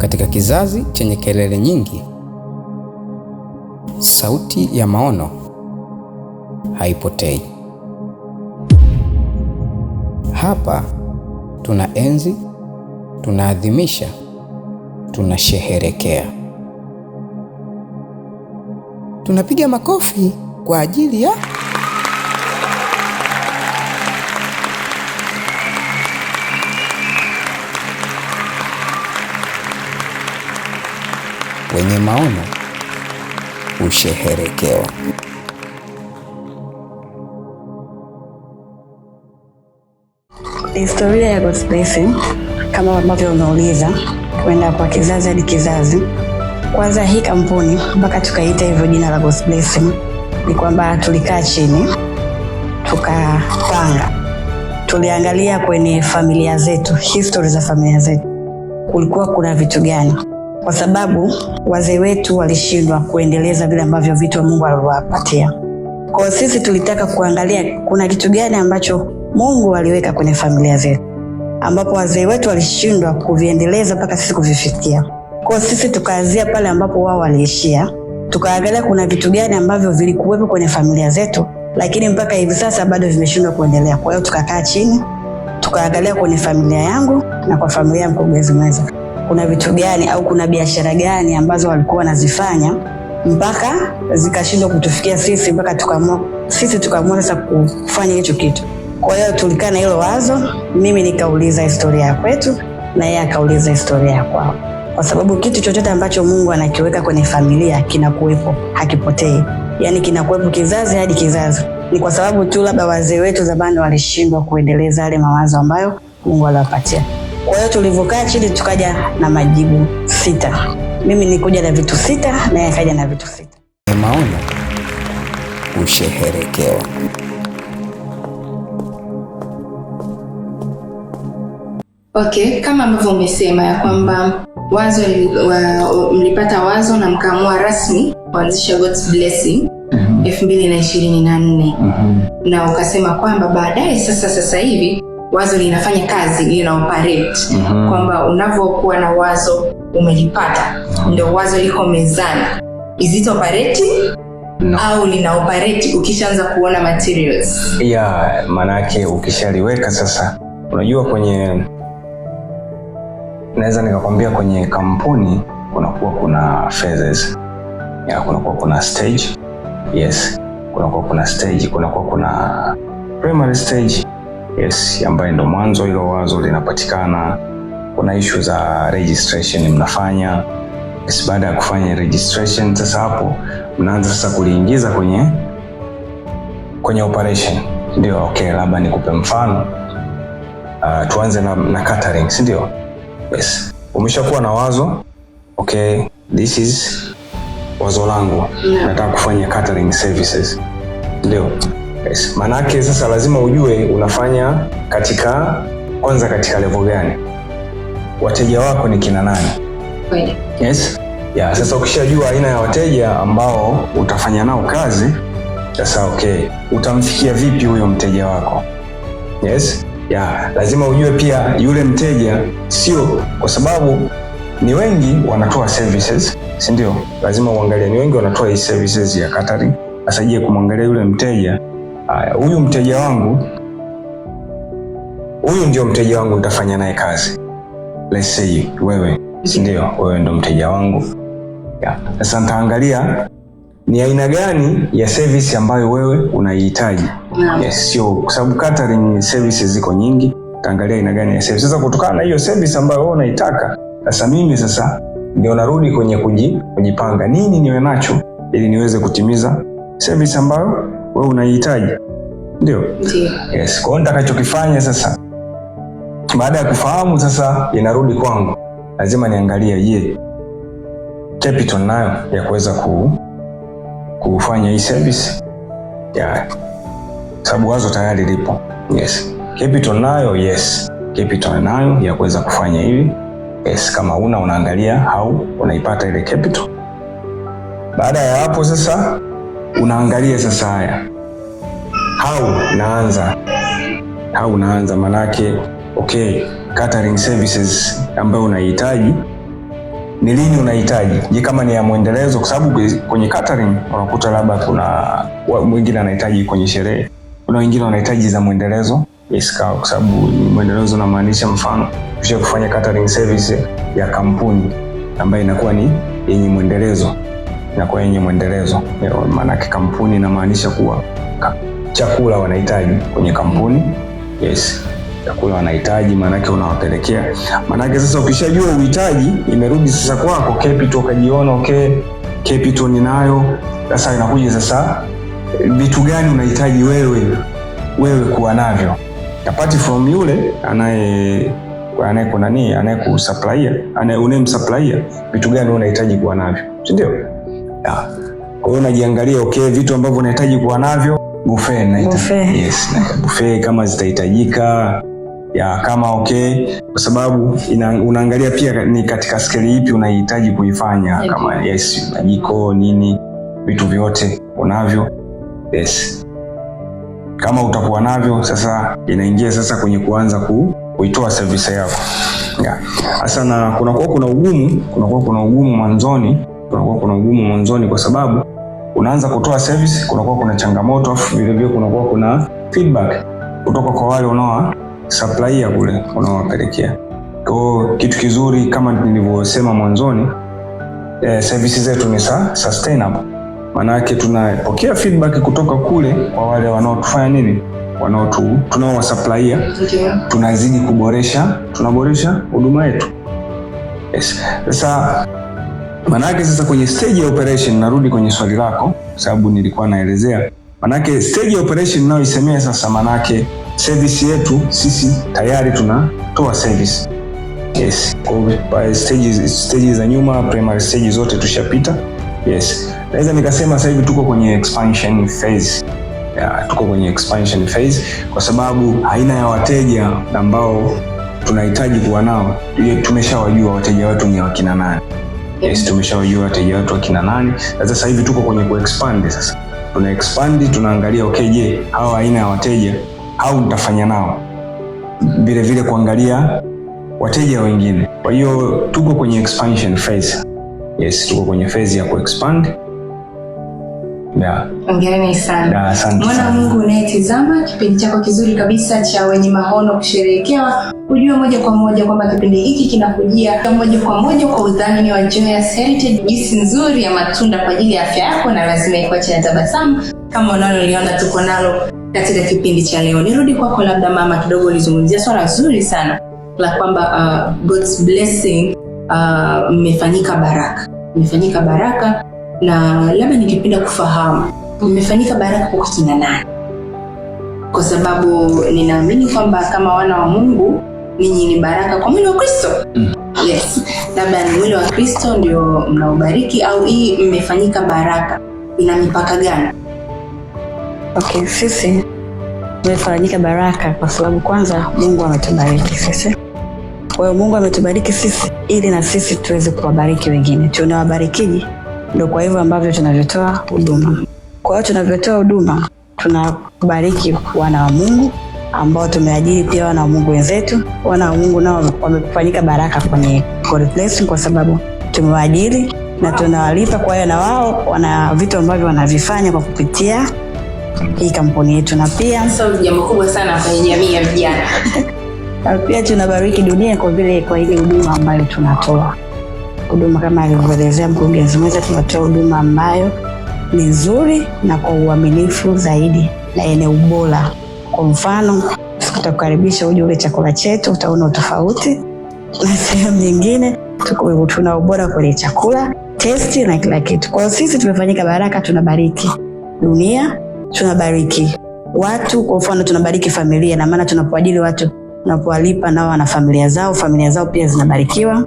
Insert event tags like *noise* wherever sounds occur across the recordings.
Katika kizazi chenye kelele nyingi, sauti ya maono haipotei. Hapa tunaenzi, tunaadhimisha, tunasherehekea, tunapiga makofi kwa ajili ya wenye maono usheherekeo. Historia ya God's Blessing kama ambavyo umeuliza, kwenda kwa kizazi hadi kizazi. Kwanza hii kampuni mpaka tukaita hivyo jina la God's Blessing ni kwamba tulikaa chini tukapanga, tuliangalia kwenye familia zetu, history za familia zetu, kulikuwa kuna vitu gani kwa sababu wazee wetu walishindwa kuendeleza vile ambavyo vitu Mungu alivyowapatia. Kwa sisi tulitaka kuangalia kuna kitu gani ambacho Mungu aliweka kwenye familia zetu ambapo wazee wetu walishindwa kuviendeleza mpaka sisi kuvifikia. Kwa sisi tukaanzia pale ambapo wao waliishia, tukaangalia kuna vitu gani ambavyo vilikuwepo kwenye familia zetu, lakini mpaka hivi sasa bado vimeshindwa kuendelea. Kwa hiyo tukakaa chini tukaangalia kwenye familia yangu na kwa familia ya mkurugenzi mwenza kuna vitu gani au kuna biashara gani ambazo walikuwa wanazifanya mpaka zikashindwa kutufikia sisi, mpaka tukaamua sisi tukaamua sasa kufanya hicho kitu. Kwa hiyo tulikaa na hilo wazo, mimi nikauliza historia ya kwetu na yeye akauliza historia ya kwao, kwa sababu kitu chochote ambacho Mungu anakiweka kwenye familia kinakuwepo, hakipotei, yani kinakuwepo kizazi hadi kizazi. Ni kwa sababu tu labda wazee wetu zamani walishindwa kuendeleza yale mawazo ambayo Mungu aliwapatia. Kwa hiyo tulivyokaa chini tukaja na majibu sita. Mimi nikuja na vitu sita na yakaja na vitu sita. Maono usheherekewa. Okay, kama ambavyo umesema ya kwamba wazo mlipata wazo na mkaamua rasmi kuanzisha God's Blessing mhm. elfu mbili na ishirini na nne mhm. na ukasema kwamba baadaye sasa sasa hivi wazo linafanya kazi, lina mm -hmm. kwamba unavyokuwa na wazo umelipata mm -hmm. ndio wazo liko mezani, is No. au lina ukishaanza kuona materials yeah, yake ukishaliweka sasa, unajua kwenye, naweza nikakwambia kwenye kampuni kunakuwa kuna phases ya kunakuwa kuna stage yes, kunakuwa kuna stage, kunakuwa kuna primary stage yes, ambaye ndo mwanzo hilo wazo linapatikana. Kuna ishu za registration mnafanya yes. Baada ya kufanya registration, sasa hapo mnaanza sasa kuliingiza kwenye kwenye operation, ndio okay. Labda nikupe mfano uh, tuanze na, na catering, si ndio? Yes, umeshakuwa na wazo okay, this is wazo langu, nataka kufanya catering services, ndio Yes. Maanake sasa lazima ujue unafanya katika kwanza katika level gani, wateja wako ni kina nani? Yes. Ya, sasa ukishajua aina ya wateja ambao utafanya nao kazi sasa, okay, utamfikia vipi huyo mteja wako? Yes. Ya, lazima ujue pia yule mteja sio, kwa sababu ni wengi wanatoa services, si ndio? Lazima uangalie ni wengi wanatoa hii services ya catering. Sasa je, kumwangalia yule mteja Haya, huyu mteja wangu, huyu ndio mteja wangu nitafanya naye kazi. Let's say wewe, si ndio? Wewe ndio mteja wangu. Sasa nitaangalia ni aina gani ya service ambayo wewe unaihitaji. Yes, sio kwa sababu catering services ziko nyingi. Taangalia aina gani ya service. Sasa kutokana na hiyo service ambayo wewe unaitaka, sasa mimi sasa ndio narudi kwenye kujipanga, nini niwe nacho ili niweze kutimiza service ambayo wewe unaihitaji, ndio yes. Kwa hiyo nitakachokifanya sasa, baada ya kufahamu sasa, inarudi kwangu, lazima niangalie, je, capital nayo ya kuweza ku, kufanya hii service ya sababu wazo tayari lipo. Yes, capital nayo, yes, capital nayo ya kuweza kufanya hivi yes. Kama una unaangalia au unaipata ile capital. Baada ya hapo sasa unaangalia sasa, haya hau naanza hau naanza, manake okay, catering services ambayo unahitaji ni lini unahitaji? Je, kama ni ya mwendelezo? Kwa sababu kwenye catering unakuta labda kuna mwingine anahitaji kwenye sherehe, kuna wengine wanahitaji za mwendelezo yes, kwa sababu mwendelezo unamaanisha mfano kisha kufanya catering service ya kampuni ambayo inakuwa ni yenye mwendelezo inakuwa yenye mwendelezo. Maanake kampuni inamaanisha kuwa chakula wanahitaji kwenye kampuni yes, chakula wanahitaji, maanake unawapelekea. Maanake sasa ukishajua uhitaji, imerudi sasa kwako capital, ukajiona okay, capital ninayo sasa. Inakuja sasa vitu gani unahitaji wewe wewe kuwa navyo apart from yule anaye anaye anaye kuna nini anayekunani anayekusupply anayeunemsupply, vitu gani unahitaji kuwa navyo, si ndio? Kwa hiyo unajiangalia, okay, vitu ambavyo unahitaji kuwa navyo buffet na buffet. Yes, na buffet kama zitahitajika ya kama okay, kwa sababu ina, unaangalia pia ni katika skeli ipi unahitaji kuifanya okay. Kama yes, jiko nini, vitu vyote unavyo yes. Kama utakuwa navyo sasa, inaingia sasa kwenye kuanza ku, kuitoa service yako ya. sasa, na kunakuwa kuna ugumu, kunakuwa kuna ugumu mwanzoni kunakuwa kuna ugumu mwanzoni, kwa sababu unaanza kutoa service, kunakuwa kuna changamoto, afu vile kunakuwa kuna feedback kutoka kwa wale unaowa supply kule unaowapelekea. Kwa kitu kizuri kama nilivyosema mwanzoni, eh, services zetu ni sustainable, maana yake tunapokea feedback kutoka kule kwa wale wanaotufanya nini wanaotu tunaowasupply, tunazidi kuboresha, tunaboresha huduma yetu. Yes. Sasa Manake sasa kwenye stage ya operation, narudi kwenye swali lako, sababu nilikuwa naelezea. Manake stage ya operation nayoisemea sasa, manake service yetu sisi tayari tunatoa service yes. Kwa Stages, stages za nyuma primary stage zote tushapita yes. Naweza nikasema sasa hivi tuko kwenye expansion phase ya, tuko kwenye expansion phase kwa sababu aina ya wateja ambao tunahitaji kuwa nao tumeshawajua wateja wetu ni wakina nani. Yes, tumeshawajua wateja wetu akina nani, na sasa hivi tuko kwenye kuexpand. Sasa tuna expand, tunaangalia okay, je, hawa aina ya wateja au nitafanya nao vile vile kuangalia wateja wengine. Kwa hiyo tuko kwenye expansion phase. Yes, tuko kwenye phase ya kuexpand. Hongereni sana. Mwana Mungu unayetizama kipindi chako kizuri kabisa cha wenye maono kusherehekewa ujue moja kwa moja kwamba kipindi hiki kinakujia moja kwa moja kwa udhamini wa Joyous Heritage, juisi nzuri ya matunda kwa ajili ya afya yako na lazima ikuache na tabasamu kama unaloliona tuko nalo katika kipindi cha leo. Nirudi kwako, labda mama, kidogo ulizungumzia swala zuri sana la kwamba uh, God's blessing mmefanyika uh, baraka mmefanyika baraka, na labda ningependa kufahamu mmefanyika baraka kwa kina nani, kwa sababu ninaamini kwamba kama wana wa Mungu ninyi ni baraka kwa mwili wa Kristo. Mm. Yes, labda ni mwili wa Kristo ndio mnaobariki au hii mmefanyika baraka, ina mipaka gani? Okay, sisi tumefanyika baraka kwa sababu kwanza Mungu ametubariki sisi. Kwa hiyo Mungu ametubariki sisi ili na sisi tuweze kuwabariki wengine, tunawabarikiji ndio kwa hivyo ambavyo tunavyotoa huduma. Kwa hiyo tunavyotoa huduma tunabariki wana wa Mungu ambao tumeajiri pia wana wa Mungu wenzetu. Wana wa Mungu nao wamefanyika baraka kwenye Godblessing kwa sababu tumewaajiri na tunawalipa, kwa hiyo na wao wana vitu ambavyo wanavifanya kwa kupitia hii kampuni yetu, na pia jambo kubwa sana kwenye jamii ya vijana *laughs* na pia tunabariki dunia kwa vile kwa ile huduma ambayo tunatoa huduma kama alivyoelezea mkurugenzi mwenza, tunatoa huduma ambayo ni nzuri na kwa uaminifu zaidi na yenye ubora. Kwa mfano, tutakukaribisha uje ule chakula chetu, utaona utofauti na *laughs* sehemu nyingine. Tuna ubora kwenye chakula, testi na kila kitu. Kwa hiyo sisi tumefanyika baraka, tunabariki dunia, tunabariki watu. Kwa mfano, tunabariki familia, na maana tunapoajili watu tunapowalipa nao wana familia zao, familia zao pia zinabarikiwa.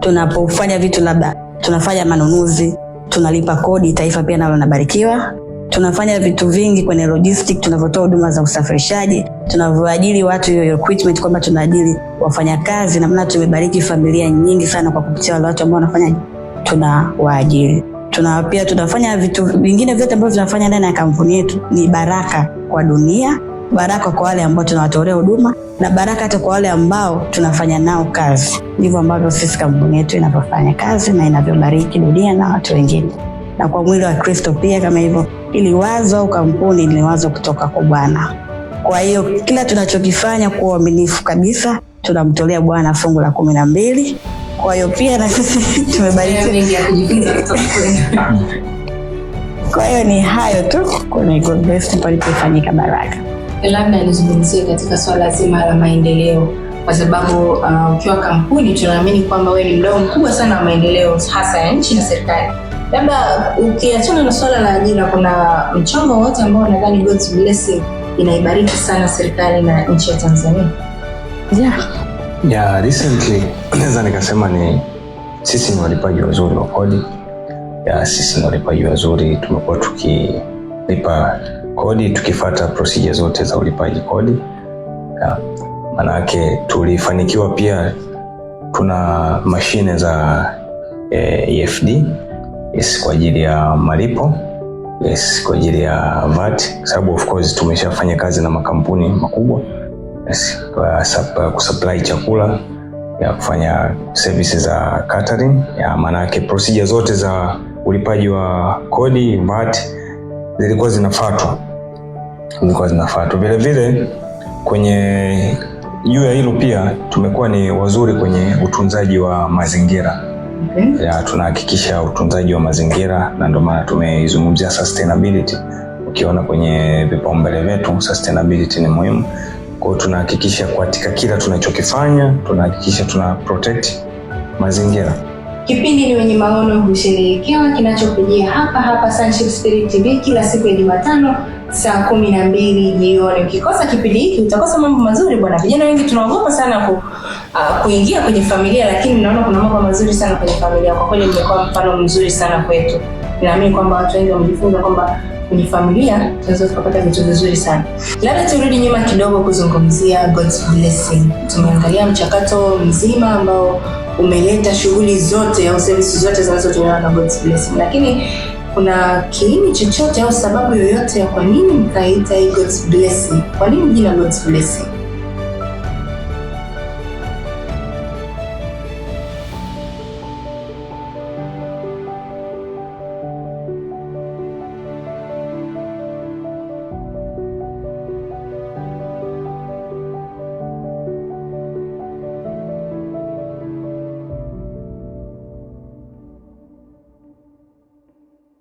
Tunapofanya vitu labda tunafanya manunuzi, tunalipa kodi, taifa pia nalo linabarikiwa tunafanya vitu vingi kwenye logistic, tunavyotoa huduma za usafirishaji, tunavyoajili watu hiyo equipment kwamba tunaajili wafanyakazi, namna tumebariki familia nyingi sana kwa kupitia wale watu ambao wanafanya, tunawaajiri tuna pia tunafanya vitu vingine vyote ambavyo tunafanya ndani ya kampuni yetu. Ni baraka kwa dunia, baraka kwa wale ambao tunawatolea huduma, na baraka hata kwa wale ambao tunafanya nao kazi. Ndivyo ambavyo sisi kampuni yetu inavyofanya kazi na inavyobariki dunia na watu wengine na kwa mwili wa Kristo pia kama hivyo. Ili wazo au kampuni ni wazo kutoka kwa Bwana. Kwa hiyo kila tunachokifanya kwa uaminifu kabisa tunamtolea Bwana fungu la kumi na mbili. Kwa hiyo pia na sisi *laughs* tumebarikiwa. Kwa hiyo ni hayo tu kuna ikonvesti palipofanyika baraka. Labda nizungumzie katika swala zima la maendeleo kwa sababu uh, ukiwa kampuni tunaamini kwamba wewe ni mdau mkubwa sana wa maendeleo hasa ya nchi na serikali Labda ukiachana na swala la ajira, kuna mchongo wote ambao nadhani God's blessing inaibariki sana serikali na nchi ya Tanzania? Yeah. Yeah, recently *clears throat* naweza nikasema ni sisi ni walipaji wazuri wa kodi. Ya, sisi ni walipaji wazuri, tumekuwa tukilipa kodi tukifata procedure zote za ulipaji kodi. Maanake tulifanikiwa pia, tuna mashine za eh, EFD yes, kwa ajili ya malipo yes, kwa ajili ya VAT, kwa sababu of course tumeshafanya kazi na makampuni makubwa yes, kwa kusupply chakula ya kufanya service za catering ya maanake, procedure zote za ulipaji wa kodi VAT zilikuwa zinafuatwa, zilikuwa zinafuatwa vile vile. Kwenye juu ya hilo pia tumekuwa ni wazuri kwenye utunzaji wa mazingira okay. ya tunahakikisha utunzaji wa mazingira na ndio maana tumeizungumzia sustainability. Ukiona kwenye vipaumbele vyetu sustainability ni muhimu. Kwa hiyo tunahakikisha katika kila tunachokifanya tunahakikisha tuna protect mazingira. Kipindi ni wenye maono husherehekewa kinachokujia hapa hapa Sonship Spirit TV kila siku ya Jumatano saa kumi na mbili jioni. Ukikosa kipindi hiki utakosa mambo mazuri bwana. Vijana wengi tunaogopa sana ku uh, kuingia kwenye familia, lakini naona kuna mambo mazuri sana kwenye familia. Kwa kweli imekuwa mfano mzuri sana kwetu. Ninaamini kwamba watu wengi wamejifunza kwamba kwenye familia tunaweza tukapata vitu vizuri sana. Labda turudi nyuma kidogo kuzungumzia God's Blessing. Tumeangalia mchakato mzima ambao umeleta shughuli zote au servisi zote zinazotolewa na God's Blessing, lakini kuna kiini chochote au sababu yoyote ya kwa nini mkaita hii God's Blessing? Kwa nini jina God's Blessing?